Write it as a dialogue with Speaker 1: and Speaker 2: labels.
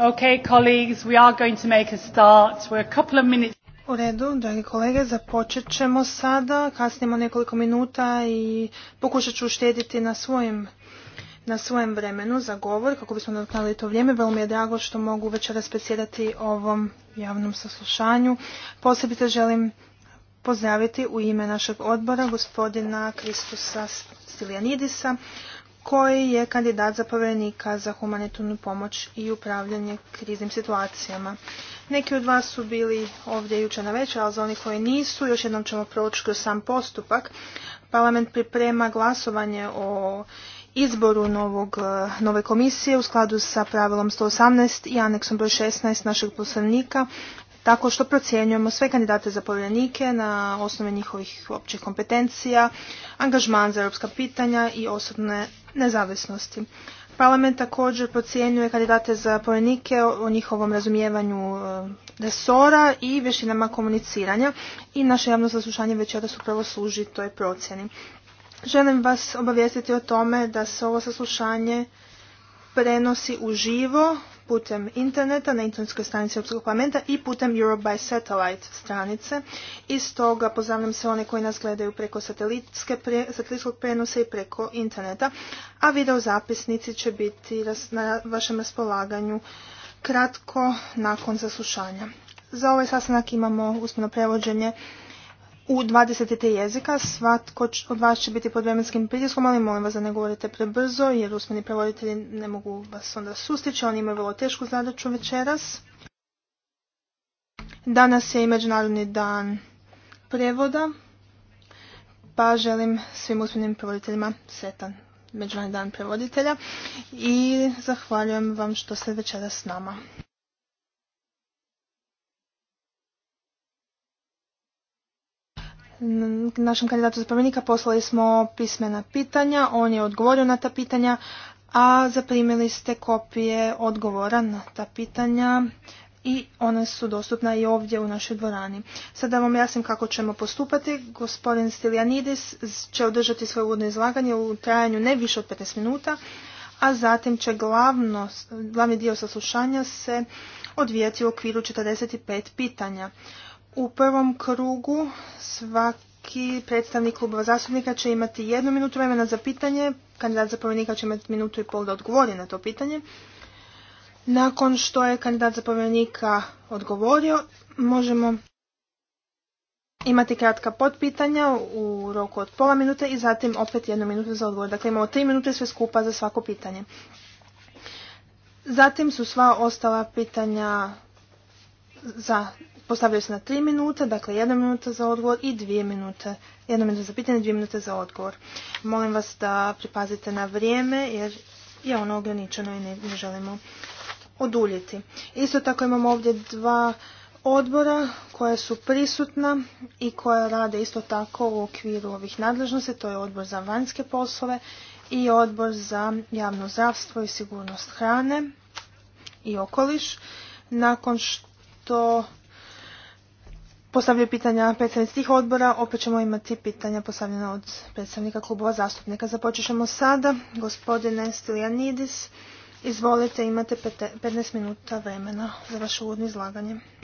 Speaker 1: Okay, colleagues, we are going to make a start. We're a couple of minutes. U redu, dragi kolege, započet ćemo sada, kasnimo nekoliko minuta i pokušat ću uštediti na svojim na svojem vremenu za govor, kako bismo nadoknali to vrijeme. Vrlo mi je drago što mogu večeras predsjedati ovom javnom saslušanju. Posebice želim pozdraviti u ime našeg odbora gospodina Kristusa Stilijanidisa, koji je kandidat za povjerenika za humanitarnu pomoć i upravljanje kriznim situacijama. Neki od vas su bili ovdje jučer na večer, ali za oni koji nisu, još jednom ćemo proći kroz sam postupak. Parlament priprema glasovanje o izboru novog, eh, nove komisije u skladu sa pravilom 118 i aneksom broj 16 našeg poslovnika tako što procjenjujemo sve kandidate za povjerenike na osnovi njihovih općih kompetencija, angažman za europska pitanja i osobne nezavisnosti. Parlament također procjenjuje kandidate za povjerenike o njihovom razumijevanju e, resora i vještinama komuniciranja i naše javno saslušanje večeras upravo služi toj procjeni. Želim vas obavijestiti o tome da se ovo saslušanje prenosi uživo putem interneta na internetskoj stranici Europskog parlamenta i putem Europe by Satellite stranice. I stoga pozdravljam se one koji nas gledaju preko satelitske satelitskog prenosa i preko interneta, a video zapisnici će biti na vašem raspolaganju kratko nakon zaslušanja. Za ovaj sastanak imamo usmeno prevođenje u 23 jezika. Svatko od vas će biti pod vremenskim pritiskom, ali molim vas da ne govorite prebrzo, jer usmeni prevoditelji ne mogu vas onda sustići. Oni imaju vrlo tešku zadaću večeras. Danas je i Međunarodni dan prevoda, pa želim svim usmenim prevoditeljima sretan Međunarodni dan prevoditelja i zahvaljujem vam što ste večeras s nama. našem kandidatu za promjenika poslali smo pismena pitanja, on je odgovorio na ta pitanja, a zaprimili ste kopije odgovora na ta pitanja i one su dostupna i ovdje u našoj dvorani. Sada vam jasnim kako ćemo postupati. Gospodin Stilianidis će održati svoje uvodno izlaganje u trajanju ne više od 15 minuta, a zatim će glavno, glavni dio saslušanja se odvijati u okviru 45 pitanja. U prvom krugu svaki predstavnik klubova zastupnika će imati jednu minutu vremena za pitanje, kandidat zapovjednika će imati minutu i pol da odgovori na to pitanje. Nakon što je kandidat za povjerenika odgovorio, možemo imati kratka potpitanja u roku od pola minute i zatim opet jednu minutu za odgovor. Dakle, imamo tri minute sve skupa za svako pitanje. Zatim su sva ostala pitanja za postavljaju se na tri minute, dakle jedna minuta za odgovor i dvije minute. Jedna minuta za pitanje, dvije minute za odgovor. Molim vas da pripazite na vrijeme jer je ono ograničeno i ne, ne želimo oduljiti. Isto tako imamo ovdje dva odbora koja su prisutna i koja rade isto tako u okviru ovih nadležnosti. To je odbor za vanjske poslove i odbor za javno zdravstvo i sigurnost hrane i okoliš. Nakon što postavljaju pitanja predstavnici tih odbora. Opet ćemo imati pitanja postavljena od predstavnika klubova zastupnika. Započet sada. Gospodine Stilianidis, izvolite, imate 15 minuta vremena za vaše uvodno izlaganje.